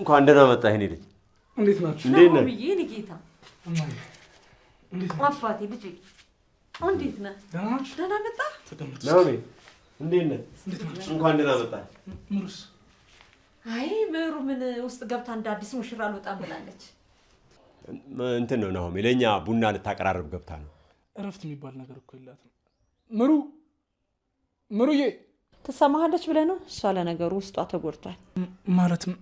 እንኳን ደህና መጣህ። እኔ ልጅ እንዴት ናችሁ? እንዴት ነህ? ብዬ እኔ ጌታ አባቴ ልጄ እንዴት ነህ? ደህና መጣህ። ናሆሜ እንዴት ነህ? እንኳን ደህና መጣ። ምሩስ? አይ ምሩ ምን ውስጥ ገብታ እንደ አዲስ ሙሽራ አልወጣም ብላለች። እንትን ነው ናሆሜ፣ ለእኛ ቡና ልታቀራርብ ገብታ ነው። እረፍት የሚባል ነገር እኮ የላትም። ምሩ ምሩዬ፣ ትሰማሃለች ብለህ ነው? እሷ ለነገሩ ውስጧ ተጎድቷል። ማለትም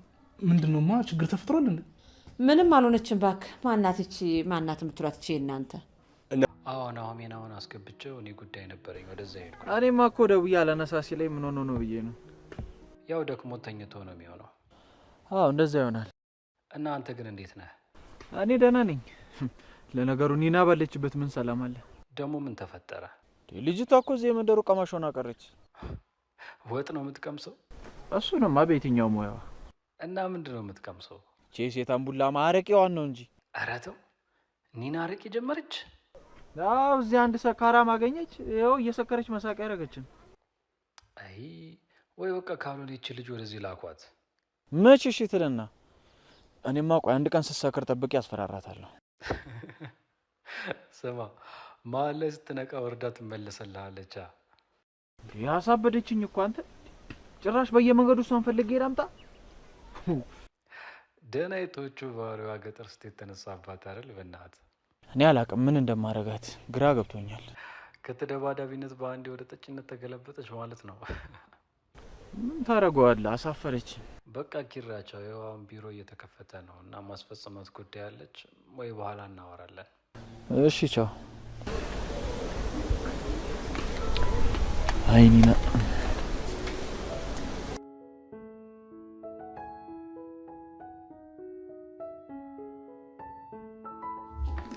ማ ችግር ተፈጥሯል እንዴ? ምንም አልሆነችም። ባክ ማናት ይቺ ማናት የምትሏት ይቺ እናንተ? አሁን አሁን አሁን አስገብቼው እኔ ጉዳይ ነበረኝ ወደዛ ሄድኩ። እኔማ እኮ ደውዬ አላነሳ ላይ ምን ሆኖ ነው ብዬ ነው። ያው ደክሞ ተኝቶ ነው የሚሆነው። አዎ እንደዛ ይሆናል። እና አንተ ግን እንዴት ነህ? እኔ ደህና ነኝ። ለነገሩ ኒና ባለችበት ምን ሰላም አለ? ደግሞ ምን ተፈጠረ? ልጅቷ እኮ እዚህ የመንደሩ ቀማሽ ሆና ቀረች። ወጥ ነው የምትቀምሰው። እሱንማ በየትኛው ሙያዋ እና ምንድን ነው የምትቀምሰው? ቼስ የታምቡላ ማረቂዋን ነው እንጂ። ኧረ ተው እኔን አረቂ ጀመረች። አዎ እዚህ አንድ ሰካራም አገኘች። ይኸው እየሰከረች መሳቂ ያደረገችን። አይ ወይ በቃ ካልሆነ ይች ልጅ ወደዚህ ላኳት። መች እሺ ትልና እኔማ ቆይ አንድ ቀን ስትሰክር ጠብቅ ያስፈራራታለሁ። ስማ መሀል ላይ ስትነቃ ወርዳ ትመለሰልሃለች። ያሳበደችኝ እኮ አንተ ጭራሽ በየመንገዱ እሷን ፈልጌ ላምጣ ደናይቶቹ ባህሪዋ ገጠር ስት የተነሳባት አይደል? በናት እኔ አላቅም ምን እንደማረጋት ግራ ገብቶኛል። ከተደባዳቢነት በአንድ ወደ ጠጭነት ተገለበጠች ማለት ነው። ምን ታደርገዋለህ? አሳፈረች። በቃ ኪራቸው የዋን ቢሮ እየተከፈተ ነው እና ማስፈጸማት ጉዳይ አለች ወይ በኋላ እናወራለን። እሺ ቻው አይኒና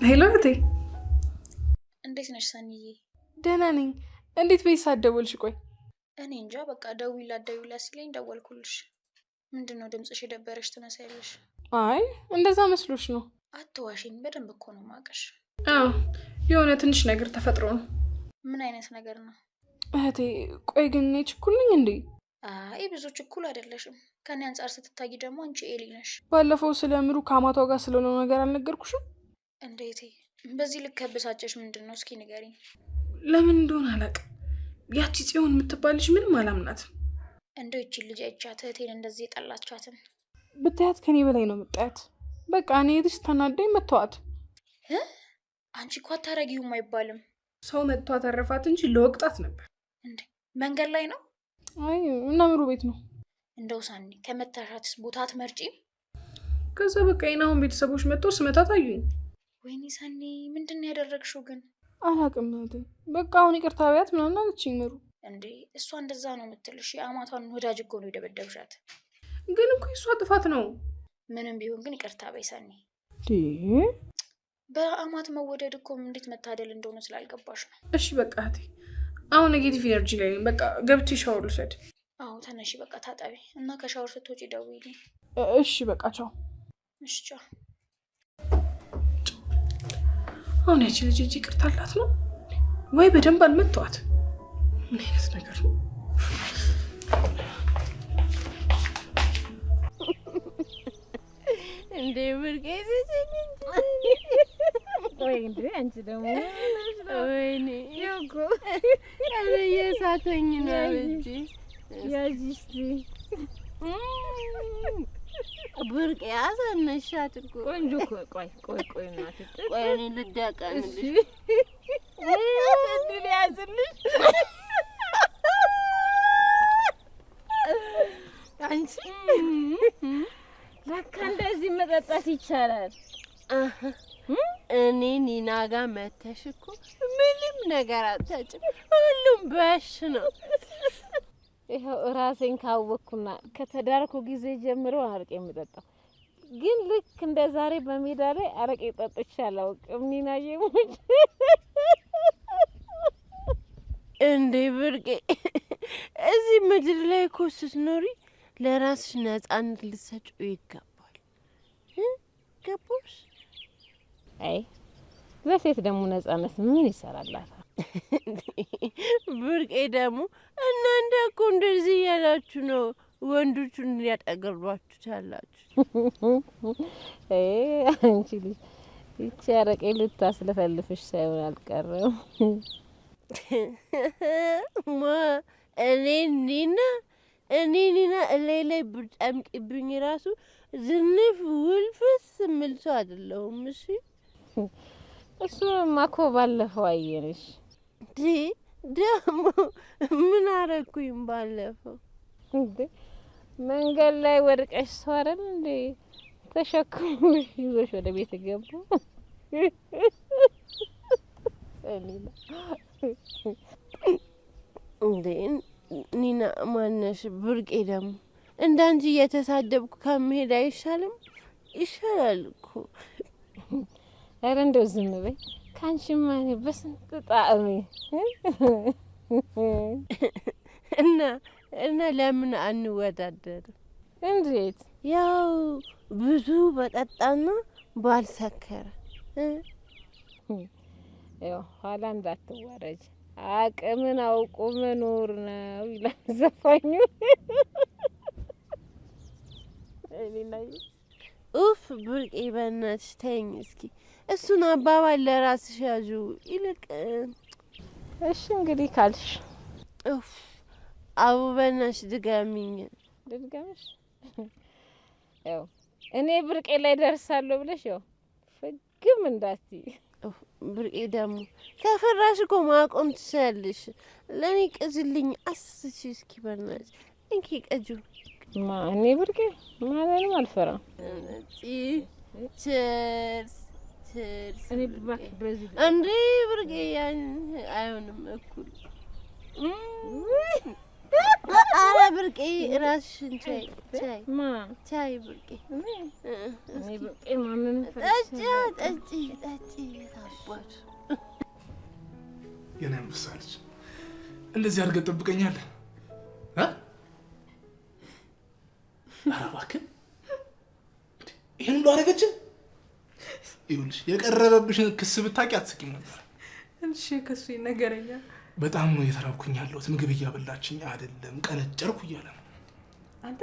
ሄሎ እህቴ፣ እንዴት ነሽ? ሰኒዬ፣ ደህና ነኝ። እንዴት ቤት ሳትደውልሽ? ቆይ እኔ እንጃ፣ በቃ ደውዪላት ደውዪላት ሲለኝ ደወልኩልሽ። ምንድን ነው ድምፅሽ የደበረሽ ትመስያለሽ? አይ እንደዛ መስሎሽ ነው። አትዋሽኝ፣ በደንብ እኮ ነው የማውቅሽ። አዎ የሆነ ትንሽ ነገር ተፈጥሮ ነው። ምን አይነት ነገር ነው? እህቴ፣ ቆይ ግን እኔ ችኩል ነኝ እንዴ? አይ ብዙ ችኩል አይደለሽም። ከኔ አንጻር ስትታይ ደግሞ አንቺ ኤሊ ነሽ። ባለፈው ስለ ምሩ ከአማቷ ጋር ስለሆነው ነገር አልነገርኩሽም? እንዴቴ በዚህ ልክ ከብሳጨሽ ምንድን ነው? እስኪ ንገሪ። ለምን እንደሆነ አላውቅም። ያቺ ጽዮን የምትባልሽ ምንም አላምናት። እንደው ይቺን ልጅ አይቻት እህቴን እንደዚህ የጠላቻትን ብታያት ከኔ በላይ ነው የምታያት። በቃ እኔ የትሽ ተናዳኝ መተዋት። አንቺ እኮ አታረጊውም አይባልም። ሰው መተዋት አረፋት እንጂ ለወቅጣት ነበር እንዴ። መንገድ ላይ ነው? አይ እና ምሩ ቤት ነው። እንደው ሳኒ ከመታሻትስ ቦታ አትመርጪም? ከዛ በቃ የናሁን ቤተሰቦች መጥቶ ስመታት አዩኝ። ወይኒ ሰኔ ምንድን ነው ያደረግሽው ግን? አላቅም እህቴ። በቃ አሁን ይቅርታ ቢያት ምናምን አለችኝ ምሩ። እንዴ እሷ እንደዛ ነው የምትልሽ? የአማቷን ወዳጅ እኮ ነው የደበደብሻት። ግን እኮ እሷ ጥፋት ነው። ምንም ቢሆን ግን ይቅርታ በይ ሰኔ። በአማት መወደድ እኮ እንዴት መታደል እንደሆነ ስላልገባሽ ነው። እሺ በቃ እህቴ፣ አሁን ኔጌቲቭ ኢነርጂ ላይ በቃ ገብቼ ሻወር ልውሰድ። አዎ ተነሺ፣ በቃ ታጠቢ እና ከሻወር ስትወጪ ደውይልኝ። እሺ በቃ ቻው። እሺ ቻው። አሁን ያቺ ልጅ እጅ ይቅርታ አላት ነው ወይ? በደንብ አልመተዋት። ምን አይነት ነገር ነው? እንዴ ብርቄስ ወይ እንዴ አንቺ ደግሞ ወይኔ ዮጎ ያለ የሳተኝ ነው እንጂ ያዚስቲ ብርቅ የያዘ እነሻት እኮ ቆንጆ ቆይ ቆይ ቆይ እናትህ ቆይ፣ እኔ ልዳቀምልሽ እንድል ያዝልሽ። አንቺ ለካ እንደዚህ መጠጣት ይቻላል። እኔ ኒና ጋ መተሽ እኮ ምንም ነገር አታጭም። ሁሉም በሽ ነው ይኸው ራሴን ካወቅኩና ከተዳርኩ ጊዜ ጀምሮ አረቄ የምጠጣው ግን ልክ እንደ ዛሬ በሜዳ ላይ አረቄ ጠጥቼ አላውቅም። ኒናዬ ሙች እንዴ ብርቄ፣ እዚህ ምድር ላይ እኮ ስትኖሪ ለራስሽ ነጻነት ልትሰጪው ይገባል። ገባሽ? አይ ለሴት ደግሞ ነጻነት ምን ይሰራላታል? ብርቄ ደግሞ እናንተ እኮ እንደዚህ እያላችሁ ነው ወንዶቹን ሊያጠገሏችሁ ታላችሁ። አንቺ ልጅ ይቺ አረቄ ልታስለፈልፍሽ ሳይሆን አልቀረም። ማ እኔ ኒና እኔ ኒና እላይ ላይ ብጨምቅብኝ ራሱ ዝንፍ ውልፍስ ምልሶ አይደለሁም። እሺ እሱ ማኮ ባለፈው አየንሽ እንዴ ደግሞ ምን አረኩኝ? ባለፈው እንዴ መንገድ ላይ ወድቀሽ ሰው አይደል እንዴ ተሸክሞ ይዞሽ ወደ ቤት ገቡ። እንዴ ኒና ማነሽ? ብርቄ ደግሞ እንዳንቺ እየተሳደብኩ ከመሄድ አይሻልም? ይሻላል እኮ። ኧረ እንደው ዝም በይ ከአንቺማ በስንት ጣዕሚ እና እና ለምን አንወዳደርም? እንዴት? ያው ብዙ በጠጣና ባልሰከረ ኋላ እንዳትዋረጅ አቅምን አውቁ መኖር ነው ይላል ዘፋኙ። ኡፍ ቡርቄ በእናትሽ ተይኝ እስኪ እሱን አባባል ለራስሽ ያዡ። ይልቅ እሺ እንግዲህ ካልሽ አቡ በናሽ ድጋሚኝ ድጋሚሽ ያው እኔ ብርቄ ላይ ደርሳለሁ ብለሽ ያው ፍግም እንዳት ብርቄ ደግሞ ከፈራሽ እኮ ማቆም ትችላለሽ። ለእኔ ቅጅልኝ አስሺ እስኪ በናሽ እንኪ ቀጁ እኔ ብርቄ ማለንም አልፈራም። ቺርስ ትል እንዴ ብርቄ ያን አይሆንም እኩል አረ ብርቄ ቻይ ቻይ ቻይ ብርቄ ጠጪ ጠጪ ጠጪ ታባሽ የኔ አንበሳ ልጅ እንደዚህ አድርገህ ትጠብቀኛለህ እባክህ አደረገችህ ይኸውልሽ የቀረበብሽን ክስ ብታውቂ አትስቂም ነበር። እሺ ክሱ ይነገረኛል። በጣም ነው የተራብኩኝ ያለሁት። ምግብ እያበላችኝ አይደለም፣ ቀነጨርኩ እያለ ነው። አንተ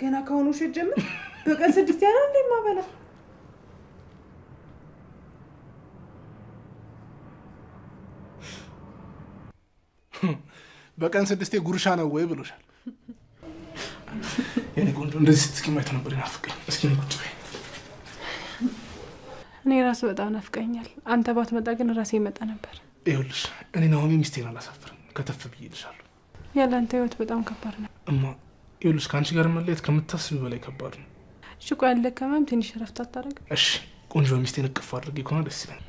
ገና ከሆኑ ውሸት ጀምር። በቀን ስድስት ያለ እንደ ማበላ በቀን ስድስቴ ጉርሻ ነው ወይ ብሎሻል። የኔ ቆንጆ እንደዚህ ስትስቂ ማየት ነበር ናፍቀኝ። እስኪ ቁጭ በይ እኔ ራሱ በጣም ናፍቀኛል። አንተ ባትመጣ ግን ራሴ ይመጣ ነበር። ይኸውልሽ እኔ ናሆሚ ሚስቴን አላሳፍርም፣ ከተፍ ብዬ ይልሻሉ። ያለ አንተ ህይወት በጣም ከባድ ነው እማ። ይኸውልሽ ከአንቺ ጋር መለየት ከምታስቢ በላይ ከባድ ነው። እሺ ቆይ አልደከመም? ትንሽ ረፍት አታደርግም? እሺ ቆንጆ ሚስቴን እቅፍ አድርጌ ከሆነ ደስ ይለኝ።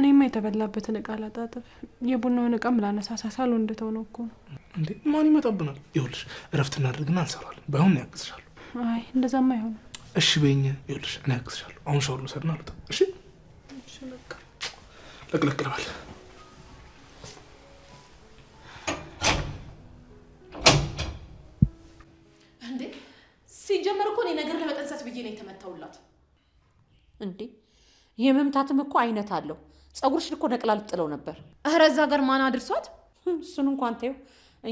እኔማ የተበላበትን እቃ ላጣጥብ፣ የቡናውን እቃም ላነሳሳ ሳሎን እንደተው ነው እኮ ነው እንዴ። ማን ይመጣብናል? ይኸውልሽ እረፍት እናድርግና እንሰራለን። ባይሆን ያግዝሻሉ። አይ እንደዛማ አይሆንም። እሺ በኝ ይኸውልሽ እኔ አግዝሻለሁ። አሁን ሻወር ልውሰድና አሉታ። እሺ ለቅለቅ ልበል። እንዴ ሲጀመር እኮ እኔ ነገር ለመጠንሰት ብዬ ነው የተመታውላት። እንዴ የመምታትም እኮ አይነት አለው። ፀጉርሽን እኮ ነቅላ ልጥለው ነበር። እረ እዛ ጋር ማን አድርሷት? እሱን እንኳን ተይው፣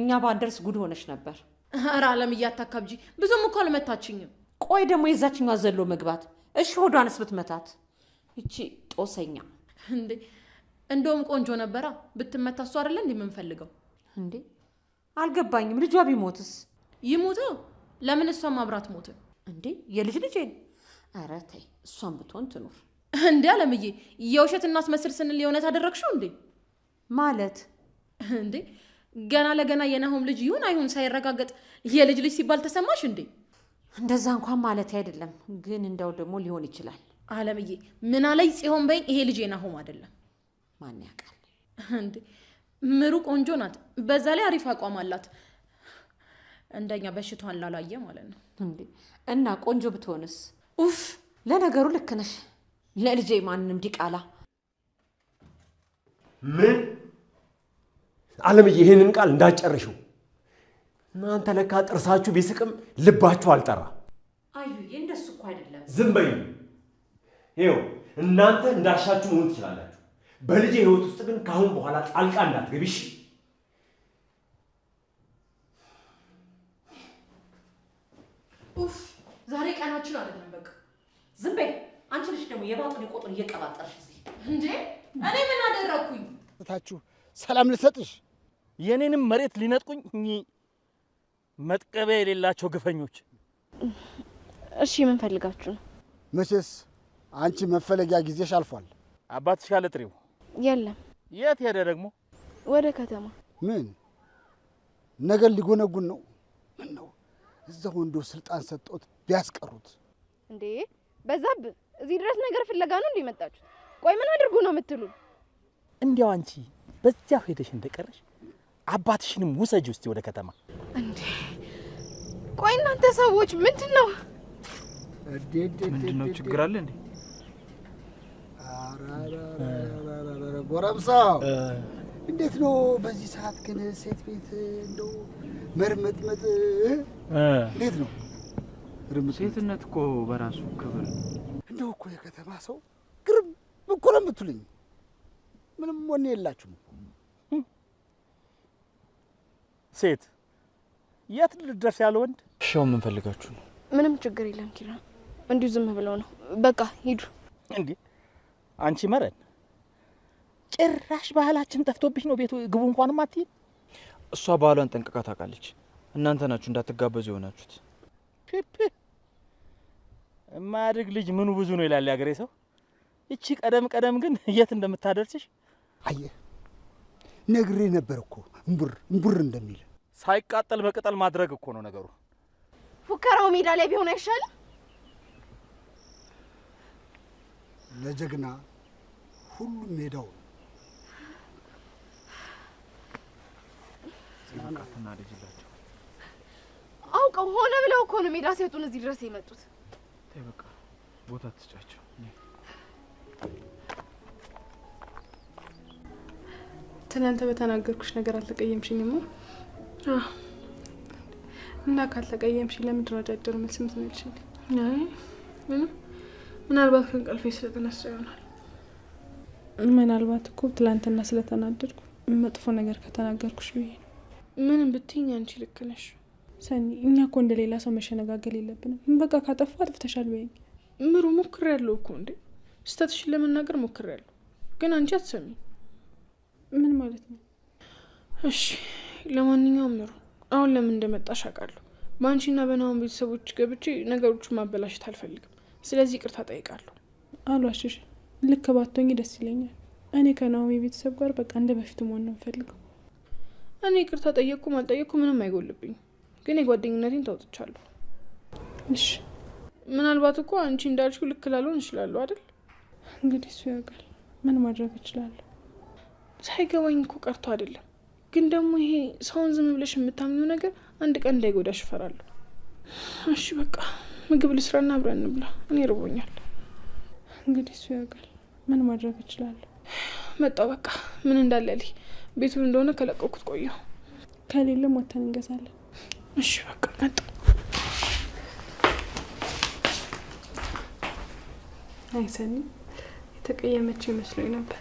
እኛ ባንደርስ ጉድ ሆነች ነበር። እረ አለም እያታካብጂ ብዙም እኮ አልመታችኝም። ቆይ ደግሞ የዛችኛ ዘሎ መግባት እሺ፣ ሆዷንስ ብትመታት? እቺ ጦሰኛ እንዴ! እንደውም ቆንጆ ነበራ ብትመታ። እሱ አይደለ እንዴ የምንፈልገው? እንዴ አልገባኝም። ልጇ ቢሞትስ? ይሙት። ለምን እሷም አብራት ሞትን? እንዴ? የልጅ ልጄን። ኧረ ተይ፣ እሷም ብትሆን ትኑር እንዴ። አለምዬ፣ የውሸት እናስመስል ስንል የእውነት አደረግሽው እንዴ? ማለት እንዴ ገና ለገና የናሆም ልጅ ይሁን አይሁን ሳይረጋገጥ የልጅ ልጅ ሲባል ተሰማሽ እንዴ? እንደዛ እንኳን ማለት አይደለም፣ ግን እንደው ደግሞ ሊሆን ይችላል። አለምዬ ምን አለኝ ጽሆን በይኝ። ይሄ ልጄ ናሆም አይደለም። ማን ያውቃል እንዴ? ምሩ ቆንጆ ናት፣ በዛ ላይ አሪፍ አቋም አላት። እንደኛ በሽቷን ላላየ ማለት ነው እንዴ? እና ቆንጆ ብትሆንስ? ኡፍ ለነገሩ ልክ ነሽ። ለልጄ ማንም ዲቃላ ምን አለምዬ፣ ይሄንን ቃል እንዳጨረሽው እናንተ ለካ ጥርሳችሁ ቢስቅም ልባችሁ አልጠራ። አዩዬ፣ እንደሱ እኮ አይደለም። ዝም በይ። ይኸው እናንተ እንዳሻችሁ መሆን ትችላላችሁ። በልጅ ህይወት ውስጥ ግን ከአሁን በኋላ ጣልቃ እንዳትገቢ እሺ? ኡፍ፣ ዛሬ ቀናችን አይደለም። በቃ ዝም በይ። አንቺ ልጅ ደግሞ የባጡን የቆጡን እየቀባጠርሽ እንዴ! እኔ ምን አደረግኩኝ? ታችሁ ሰላም ልሰጥሽ የእኔንም መሬት ሊነጥቁኝ መጥቀቢያ የሌላቸው ግፈኞች። እሺ ምን ፈልጋችሁ ነው? መቼስ አንቺ መፈለጊያ ጊዜሽ አልፏል። አባትሽ ካለ ጥሪው የለም። የት ሄደ ደግሞ? ወደ ከተማ። ምን ነገር ሊጎነጉን ነው? ምን ነው እዛ ወንዶ ስልጣን ሰጥቶት ቢያስቀሩት እንዴ? በዛብ እዚህ ድረስ ነገር ፍለጋ ነው እንዴ መጣችሁ? ቆይ ምን አድርጉ ነው የምትሉ? እንዲያው አንቺ በዚያው ሄደሽ እንደቀረሽ አባትሽንም ውሰጅ ውስጥ ወደ ከተማ እንዴ! ቆይ እናንተ ሰዎች ምንድን ነው ምንድን ነው ችግር አለ እንዴ? ጎረምሳ እንዴት ነው በዚህ ሰዓት ግን ሴት ቤት እንደው መርመጥመጥ እንዴት ነው? ሴትነት እኮ በራሱ ክብር እንደው እኮ የከተማ ሰው ግርም እኮ ነው የምትሉኝ። ምንም ወኔ የላችሁም እኮ ሴት የት ልደርስ ያለ ወንድ ሻው ፈልጋችሁ ነው። ምንም ችግር የለም ኪራ፣ እንዲሁ ዝም ብለው ነው። በቃ ሂዱ። እንዴ አንቺ መረን፣ ጭራሽ ባህላችን ጠፍቶብሽ ነው። ቤቱ ግቡ እንኳን አትይም። እሷ ባህሏን ጠንቅቃ ታውቃለች። እናንተ ናችሁ እንዳትጋበዙ የሆናችሁት። የማያድግ ልጅ ምኑ ብዙ ነው ይላል ያገሬ ሰው። እቺ ቀደም ቀደም ግን የት እንደምታደርስሽ አየህ፣ ነግሬ ነበር እኮ እምቡር እምቡር እንደሚል ሳይቃጠል በቅጠል ማድረግ እኮ ነው ነገሩ። ፉከራው ሜዳ ላይ ቢሆን አይሻልም? ለጀግና ሁሉም ሜዳው ነው። አውቀው ሆነ ብለው እኮ ነው ሜዳ ሲወጡን እዚህ ድረስ የመጡት። በቃ ቦታ ትስጫቸው። ትናንተ በተናገርኩሽ ነገር አልተቀየምሽኝም? እና ካልተቀየምሽኝ ለምንድን ነው አጫጭር መልስ የምትመልሽልኝ? ምናልባት ከእንቅልፌ ስለተነሳሁ ይሆናል። ምናልባት እኮ ትላንትና ስለተናደድኩ መጥፎ ነገር ከተናገርኩሽ ብዬ ነው። ምንም ብትይኝ አንቺ ልክ ነሽ ሰኒ። እኛ እኮ እንደ ሌላ ሰው መሸነጋገል የለብንም። በቃ ካጠፋ አጥፍተሻል በይኝ። ምሩ ሞክሬያለሁ እኮ እንዴ፣ ስህተትሽን ለመናገር ሞክሬያለሁ፣ ግን አንቺ አትሰሚኝ ምን ማለት ነው? እሺ ለማንኛውም ምሩ አሁን ለምን እንደመጣሽ አውቃለሁ። በአንቺና በናሁን ቤተሰቦች ገብቼ ነገሮቹን ማበላሸት አልፈልግም። ስለዚህ ይቅርታ ጠይቃለሁ። አሏሽሽ ልክ ባቶኝ ደስ ይለኛል። እኔ ከናሁም ቤተሰብ ጋር በቃ እንደ በፊት መሆን ነው የምፈልገው። እኔ ይቅርታ ጠየቅኩም አልጠየቅኩ ምንም አይጎልብኝ፣ ግን የጓደኝነቴን ተውጥቻለሁ። እሺ ምናልባት እኮ አንቺ እንዳልሽው ልክ ላልሆን እችላለሁ አይደል? እንግዲህ እሱ ያውቃል። ምን ማድረግ እችላለሁ? ሳይገባኝ እኮ ቀርቶ አይደለም፣ ግን ደግሞ ይሄ ሰውን ዝም ብለሽ የምታምኘው ነገር አንድ ቀን እንዳይጎዳሽ እፈራለሁ። እሺ በቃ ምግብ ልስራና አብረን እንብላ፣ እኔ ርቦኛል። እንግዲህ እሱ ያውቃል፣ ምን ማድረግ እችላለሁ? መጣው በቃ ምን እንዳለ ልኝ ቤቱን እንደሆነ ከለቀኩት ቆየሁ። ከሌለም ወተን እንገዛለን። እሺ በቃ መጣ። አይሰኒ የተቀየመች ይመስለኝ ነበር።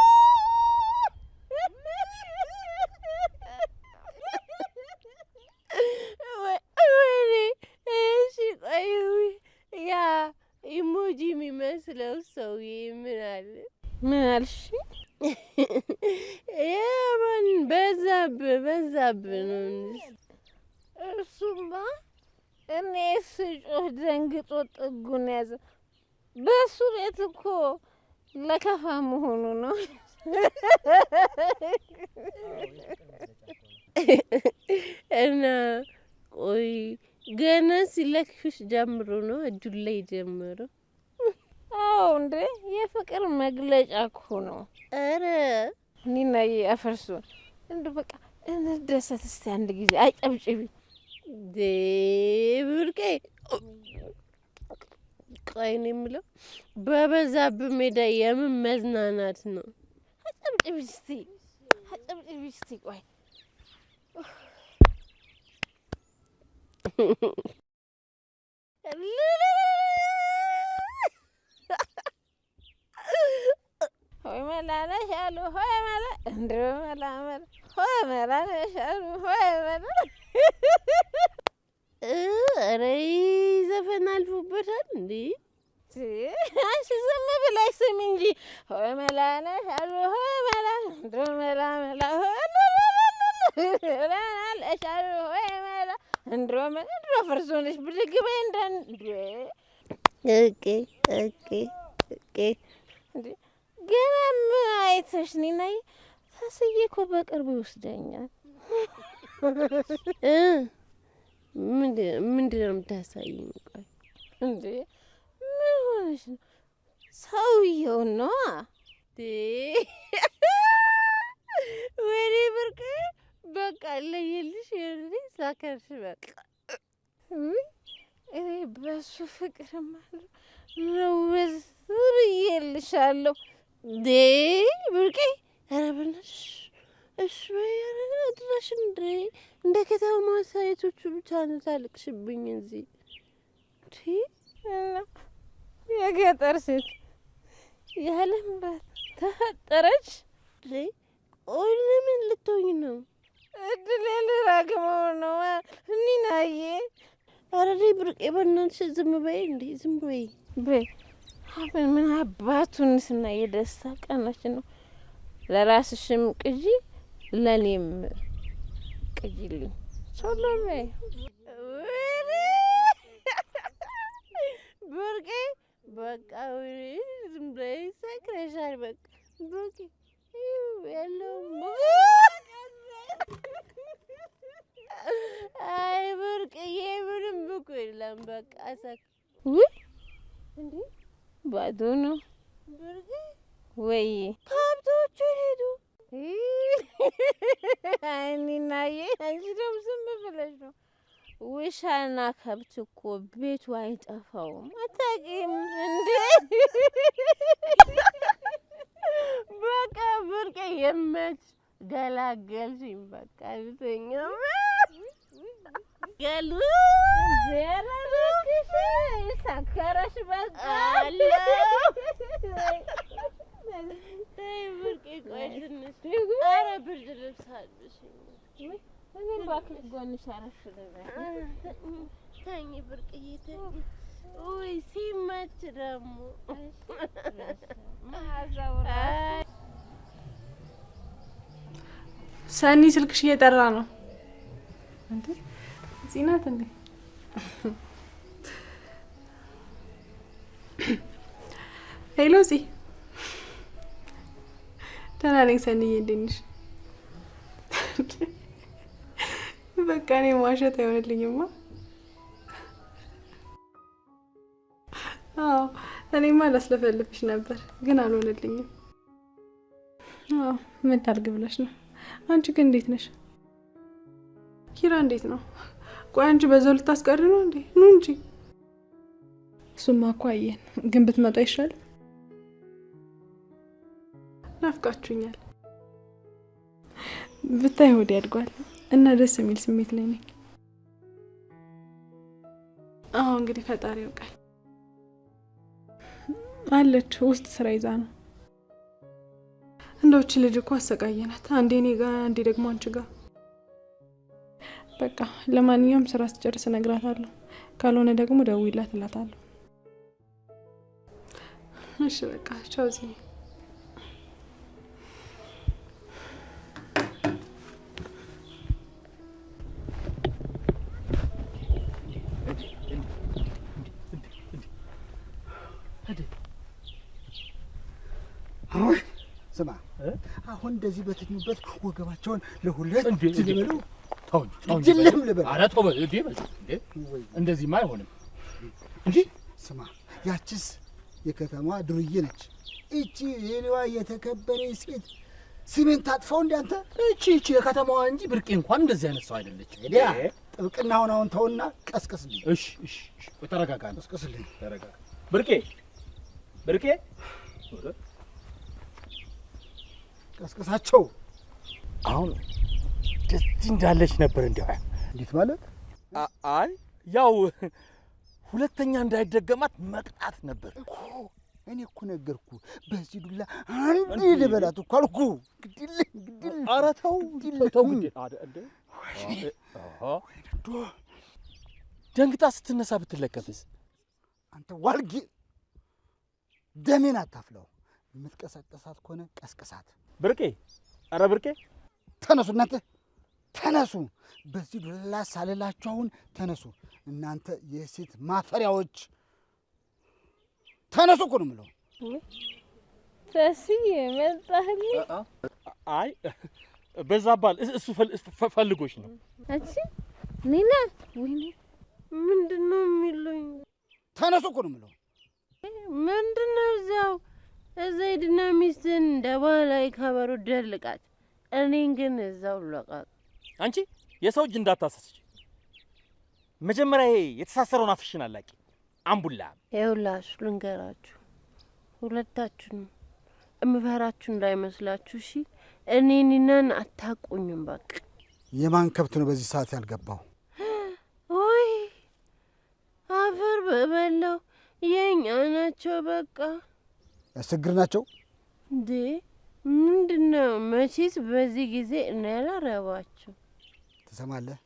ቆይ ያ ኢሞጂ የሚመስለው ሰውዬ ምን አለ ምን አልሽ? የማን በዛብ በዛብ ነው። እሱማ እኔ ስጮህ ደንግጦ ጥጉን ያዘ። በሱ ቤት እኮ ለከፋ መሆኑ ነው። እና ቆይ ገና ሲለክፍሽ ጀምሮ ነው እጁ ላይ ጀምሮ። አዎ እንዴ የፍቅር መግለጫ እኮ ነው። አረ ኒና አፈርሱ እንዱ በቃ እንደሰት። እስቲ አንድ ጊዜ አጨብጭቢ ብርቄ። ቆይ ነው የምለው በበዛብህ ሜዳ የምን መዝናናት ነው? አጨብጭቢ እስቲ፣ አጨብጭቢ እስቲ ቆይ ሆይ መላ ነሽ አሉ ሆይ መላ እንደ መላ ሆይ መላ አሉ ሆይ መላ ኧረ ዘፈን አልፎበታል እንዴ! አንቺ ዝም ብለሽ ስሚ እንጂ ሆይ መላ አሉ ሆይ መላ እንደ መላ ሆይ መላ አሉ ሆይ መላ እንድሮ እንድሮ ፈርሶ ነሽ ብድግ በይ እንዳን ኦኬ ኦኬ ኦኬ። ገና ምን አይተሽ ነይ ታስዬ እኮ በቅርቡ ይወስደኛል። ምንድን ነው የምታሳይኝ? ቆይ እንዴ ምን ሆነሽ ነው? ሰውየው ነዋ። ወይኔ ብርቅ በቃ ለየልሽ የኔ ሳከርሽ በቃ እኔ በሱ ፍቅር ማለት ነው ወስር ዴ ብርቄ አረብነሽ እሺ ወይራሽ እንዴ እንደ ከተማ ሳይቶቹ ብቻ ነው ታልቅሽብኝ እዚህ ቲ የገጠር ሴት ያለም ተፈጠረች ዴ ቆይ ለምን ልትሆኝ ነው እድል ልረግመው ነው። እኒናዬ አረሬ ብርቄ በናንሽ ዝም በይ እንዴ! ዝም በይ በይ። ሀብን ምን አባቱንስና የደስታ ቀናች ነው። ለራስሽም ቅጂ ለኔም ቅጂልኝ። ቶሎ በይ ብርቄ። በቃ ዝም በይ። ሰክረሻል። በቃ ብርቄ ያለው አይ ብርቅዬ ምንም እኮ የለም። በቃ ሰክ ውይ እንዴ ባዶ ነው ብርቅ ወይ ከብቶቹ ሄዱ። እኔናዬ አንቺ ደግሞ ዝም ብለሽ ነው። ውሻና ከብት እኮ ቤቱ አይጠፋውም። አታውቂም እንዴ? በቃ ብርቅዬ የመች ገላገልሽኝ። በቃ ልተኛ ገሉ ዘረሽ ሰከረሽ። በቃ ተይ ብርቅ ቆይ ትንሽ። ኧረ ብርድ ልብስ አልብሽኝ እባክሽ። ጎንሽ አረፍ ተኝ ብርቅዬ፣ ተኝ ውይ ሲመች ደግሞ ሰኒ ስልክሽ እየጠራ ነው። እንዴ ናት እንዴ? ሄሎ ሲ ደህና ነኝ ሰኒዬ፣ እንዴት ነሽ? በቃ እኔ ማሸት አይሆንልኝማ። አዎ እኔማ ላስለፈልፍሽ ነበር ግን አልሆነልኝም። ምን ታርግ ብለሽ ነው አንቺ ግን እንዴት ነሽ? ኪራ እንዴት ነው? ቆይ አንቺ በዛው ልታስቀሪ ነው እንዴ? ኑ እንጂ። እሱማ እኮ አየን፣ ግን ብትመጣ ይሻል። ናፍቃችሁኛል። ብታይ ሆድ ያድጓል እና ደስ የሚል ስሜት ላይ ነኝ። አሁ እንግዲህ ፈጣሪ ያውቃል። አለች ውስጥ ስራ ይዛ ነው እንደውች ልጅ እኮ አሰቃየናት። አንዴ እኔ ጋር፣ አንዴ ደግሞ አንቺ ጋር። በቃ ለማንኛውም ስራ ስጨርስ እነግራታለሁ። ካልሆነ ደግሞ ደውይላት እላታለሁ። እሺ በቃ ቻው። እዚህ ስማ አሁን እንደዚህ በተኙበት ወገባቸውን ለሁለት ልበሉ እጅልህም ልበል። ኧረ ተው በል እንደዚህማ አይሆንም። እንዲ ስማ፣ ያቺስ የከተማ ዱርዬ ነች። እቺ ሌላዋ የተከበረ ሴት ስሜን ታጥፈው እንዳንተ። እቺ እቺ የከተማዋ እንጂ ብርቄ እንኳን እንደዚህ አይነት ሰው አይደለች። ዲያ ጥብቅና አሁን አሁን ተውና ቀስቅስልኝ። እሺ እሺ፣ ተረጋጋ። ቀስቅስልኝ። ተረጋጋ። ብርቄ ብርቄ ቀስቀሳቸው። አሁን ደስ እንዳለች ነበር። እንዲ እንዴት ማለት? አይ ያው ሁለተኛ እንዳይደገማት መቅጣት ነበር። እኔ እኮ ነገርኩ። በዚህ ዱላ አንድ ልበላት እኮ አልኩ። ግድል ግድል። ኧረ ተው ተው። ደንግጣ ስትነሳ ብትለከፍስ? አንተ ዋልጌ፣ ደሜን አታፍለው። የምትቀሰቀሳት ከሆነ ቀስቀሳት። ብርቄ፣ አረ ብርቄ ተነሱ እናንተ ተነሱ። በዚህ ዱላ ሳልላችሁ አሁን ተነሱ እናንተ የሴት ማፈሪያዎች ተነሱ እኮ ነው የምለው። ተስዬ መጣህልኝ? አይ በዛ ባል እሱ ፈልጎች ነው። እሺ ኒና፣ ወይኔ ምንድን ነው የሚሉኝ? ተነሱ እኮ ነው የምለው። ምንድን ነው እዚያው እዛ ሂድና ሚስትን እንደ ባህላዊ ከበሮ ደልቃት፣ እኔን ግን እዛው ለቃት። አንቺ የሰው እጅ እንዳታሰስች። መጀመሪያ ይሄ የተሳሰረውን አፍሽን አላቂ አምቡላ። ይኸውላችሁ ልንገራችሁ፣ ሁለታችሁን እምፈራችሁ እንዳይመስላችሁ እሺ። እኔንናን አታቁኝም። በቃ የማን ከብት ነው በዚህ ሰዓት ያልገባው? ወይ አፈር በበላው የእኛ ናቸው በቃ ያስቸግር ናቸው እንዴ? ምንድን ነው መቼስ በዚህ ጊዜ እና ያላረባቸው ትሰማለህ።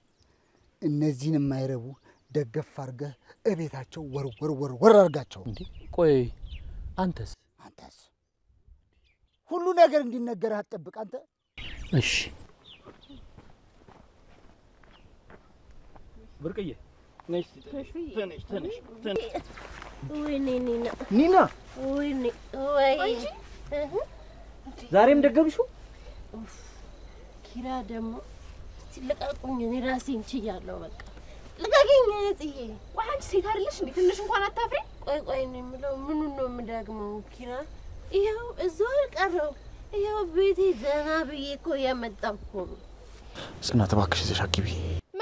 እነዚህን የማይረቡ ደገፍ አድርገህ እቤታቸው ወርወር ወርወር አድርጋቸው። እንዴ ቆይ አንተስ አንተስ ሁሉ ነገር እንዲነገርህ አትጠብቅ አንተ። እሺ ብርቅዬ ነሽ፣ ነሽ ነሽ ነሽ ተነሽ፣ ተነሽ፣ ተነሽ ኒና ዛሬም ደገምሽው። ኪራ ደግሞ ልቀቁኝ፣ እኔ ራሴን ችያለሁ። በቃ ልቀቂኝ። ጽዬ ቆይ አንቺ ሴት አይደለሽ እንዴ? ትንሽ እንኳን አታፍሪ። ቆይ ቆይ ነው የምለው። ምኑን ነው የምደግመው? ኪራ ይኸው እዛው አልቀረው። ይኸው ቤቴ ዘና ብዬ እኮ እያመጣሁ እኮ ነው። ጽናት እባክሽ ይዘሽ አግቢ።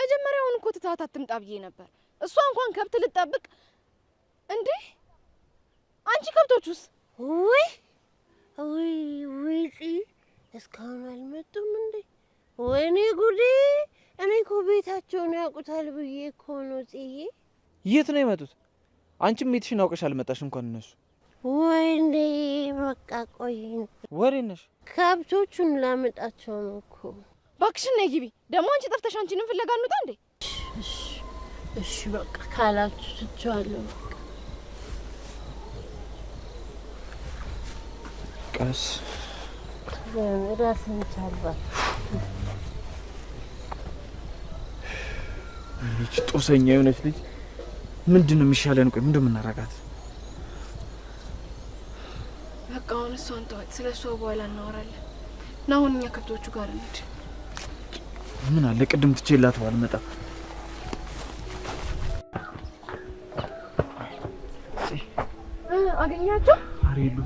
መጀመሪያውን እኮ ትታት አትምጣ ብዬ ነበር። እሷ እንኳን ከብት ልጠብቅ እንዴ አንቺ ከብቶቹስ? ውይ ውይ ውይ ፂ እስካሁን አልመጡም እንዴ? ወይኔ ጉዴ! እኔ እኮ ቤታቸውን ያውቁታል ብዬ እኮ ነው ጽዬ። የት ነው የመጡት? አንቺም ቤትሽን አውቀሽ አልመጣሽ እንኳን እነሱ። ወይኔ በቃ ቆይ፣ ወሬ ነሽ። ከብቶቹን ላመጣቸው ነው እኮ። እባክሽን ነይ ግቢ። ደግሞ አንቺ ጠፍተሽ አንቺንም ፍለጋ እንውጣ እንዴ? እሺ በቃ ካላችሁ ትቼዋለሁ። ቀስ ይች ጦሰኛ የሆነች ልጅ ምንድን ነው የሚሻለን? ቆይ ምንድን የምናረጋት? በቃ አሁን እሷን ተዋት። ስለ እሷ በኋላ እናወራለን። ና አሁን እኛ ከብቶቹ ጋር እንሂድ። ምን አለ ቅድም ትቼላት ባልመጣ አገኛቸው አሬሉ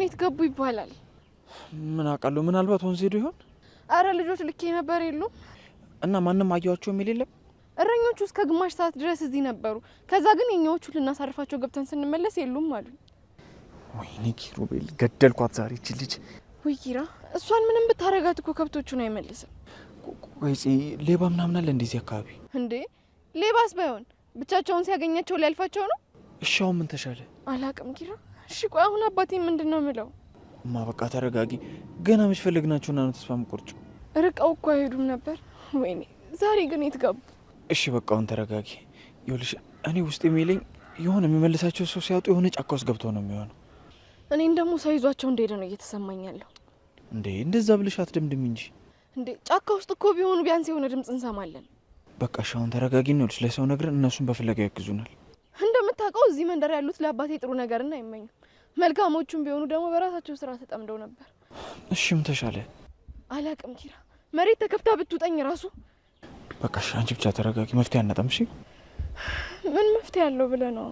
ሁኔት ገቡ ይባላል። ምን አውቃለሁ፣ ምናልባት ወንዝ ሄዱ ይሆን? አረ ልጆች ልኬ ነበር የሉም። እና ማንም አየዋቸው የሚል የለም። እረኞቹ እስከ ግማሽ ሰዓት ድረስ እዚህ ነበሩ። ከዛ ግን የኛዎቹ ልናሳርፋቸው ገብተን ስንመለስ የሉም አሉ። ወይኔ ኪሩቤል፣ ገደልኳት ዛሬ እቺ ልጅ። ውይ እሷን ምንም ብታረጋት እኮ ከብቶቹን አይመልስም። ቆይ ሌባ ምናምን አለ እንደዚህ አካባቢ? እንዴ ሌባስ ባይሆን ብቻቸውን ሲያገኛቸው ሊያልፋቸው ነው። እሻው ምን ተሻለ አላቅም ኪራ እሺ ቆይ አሁን አባቴ ምንድን ነው የምለው? እማ በቃ ተረጋጊ። ገና ናቸው ና ነው ተስፋ የምቆርጭው? ርቀው እኮ አይሄዱም ነበር። ወይኔ ዛሬ ግን የት ገቡ? እሺ በቃ አሁን ተረጋጊ። ይኸውልሽ እኔ ውስጥ የሚለኝ የሆነ የሚመልሳቸው ሰው ሲያጡ የሆነ ጫካ ውስጥ ገብተው ነው የሚሆነው። እኔን ደግሞ ሰው ይዟቸው እንደሄደ ነው እየተሰማኝ ያለው። እንዴ እንደዛ ብልሽ አትደምድም እንጂ እንዴ። ጫካ ውስጥ እኮ ቢሆኑ ቢያንስ የሆነ ድምፅ እንሰማለን። በቃ ሻሁን ተረጋጊ ነው ልሽ ለሰው ነግረን እነሱን በፍለጋ ያግዙናል። እንደምታውቀው እዚህ መንደር ያሉት ለአባቴ ጥሩ ነገርና አይመኙ መልካሞቹም ቢሆኑ ደግሞ በራሳቸው ስራ ተጠምደው ነበር። እሺም ተሻለ አላቅም። ኪራ መሬት ተከፍታ ብትውጠኝ ራሱ በቃ አንቺ ብቻ ተረጋጊ። መፍትሄ አናጣም። እሺ ምን መፍትሄ አለው ብለህ ነው?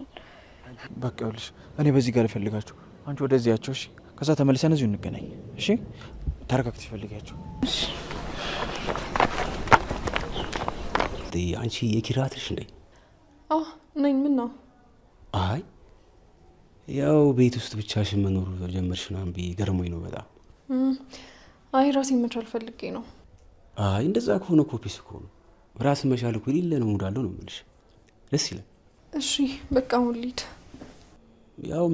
በቃ ይኸውልሽ እኔ በዚህ ጋር ልፈልጋችሁ፣ አንቺ ወደዚያቸው። እሺ ከዛ ተመልሰን እዚሁ እንገናኝ። እሺ ተረጋግተሽ ፈልጊያቸው። አንቺ የኪራ ትሽ ነኝ? አዎ ነኝ። ምን ነው? አይ ያው ቤት ውስጥ ብቻሽን መኖሩ ጀመርሽ ምናምን ብዬ ገርሞኝ ነው በጣም። አይ ራሴን መቻል ፈልጌ ነው። አይ እንደዛ ከሆነ ኮፒስ እኮ ነው ራስን መቻል እኮ የሌለ ነው እምውዳለሁ ነው የምልሽ። ደስ ይላል። እሺ በቃ ሙሊድ ያው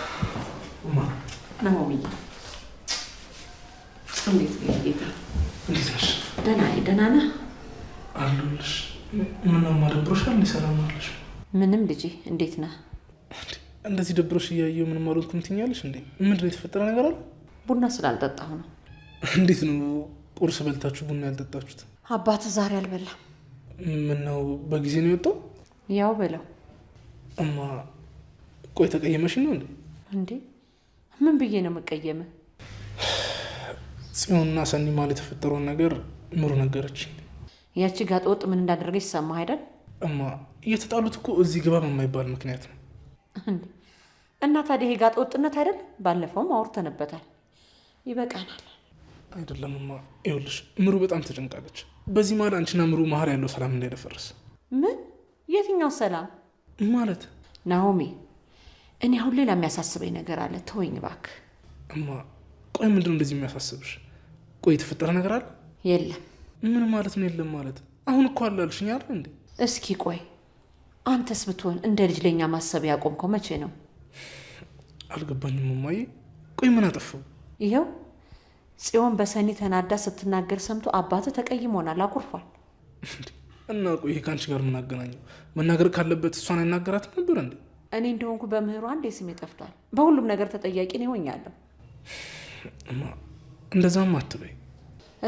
ደህና አሉልሽ። ምነው ማደብሮሻል? ሰላም ምንም ልጄ፣ እንዴት ነህ? እንደዚህ ደብሮሽ እያየ ምን ማሉት ትኛለሽ እንዴ? የተፈጠረ ነገር አለ? ቡና ስላልጠጣሁ ነው። እንዴት ነው ቁርስ በልታችሁ ቡና ያልጠጣችሁት? አባት ዛሬ አልበላም። ምነው በጊዜ ነው የወጣው? ያው በለው እማ። ቆይ ተቀየመሽ ነው እንዴ? እንዴ ምን ብዬ ነው መቀየመ? ጽዮንና ሰኒ ማል የተፈጠረውን ነገር ምሩ ነገረች? ያቺ ጋጠወጥ ምን እንዳደረገች ይሰማ አይደል? እማ እየተጣሉት እኮ እዚህ ግባ በማይባል ምክንያት ነው እና ታዲያ ይሄ ጋጠ ወጥነት አይደለም? ባለፈውም አውርተንበታል። ይበቃናል። አይደለም ማ ይኸውልሽ፣ ምሩ በጣም ተጨንቃለች። በዚህ መሀል አንቺና ምሩ መሀል ያለው ሰላም እንዳይደፈርስ። ምን? የትኛው ሰላም ማለት? ናሆሜ፣ እኔ አሁን ሌላ የሚያሳስበኝ ነገር አለ። ተወኝ ባክ እማ ቆይ፣ ምንድን ነው እንደዚህ የሚያሳስብሽ? ቆይ የተፈጠረ ነገር አለ? የለም። ምን ማለት ነው? የለም ማለት አሁን እኮ አላልሽኝ አይደል እንዴ? እስኪ ቆይ አንተስ ብትሆን እንደ ልጅ ለኛ ማሰብ ያቆምከው መቼ ነው? አልገባኝም እማዬ። ቆይ ምን አጠፋው? ይኸው ጽዮን በሰኒ ተናዳ ስትናገር ሰምቶ አባተ ተቀይሞናል፣ አኩርፏል። እና ቆይ ከአንቺ ጋር ምን አገናኘው? መናገር ካለበት እሷን አይናገራትም ነበር እንዴ? እኔ እንደሆንኩ በምህሩ አንዴ ስሜ ጠፍቷል። በሁሉም ነገር ተጠያቂ ነው ይሆኛለሁ። እንደዛም አትበይ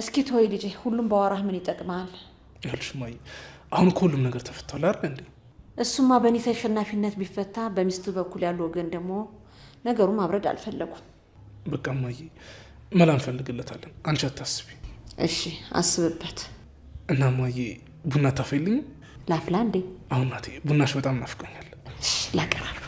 እስኪ ተወይ ልጄ። ሁሉም በዋራህ ምን ይጠቅማል? ያልሽ እማዬ፣ አሁን ከሁሉም ነገር ተፈቷል አይደል እንዴ? እሱማ በእኔ ተሸናፊነት ቢፈታ በሚስቱ በኩል ያሉ ወገን ደግሞ ነገሩ ማብረድ አልፈለጉም። በቃ እማዬ መላ እንፈልግለታለን፣ አንቺ አታስቢ። እሺ አስብበት እና እማዬ ቡና ታፈልኝ ላፍላ እንዴ? አሁን እናቴ ቡናሽ በጣም ናፍቀኛል። ላቀራርብ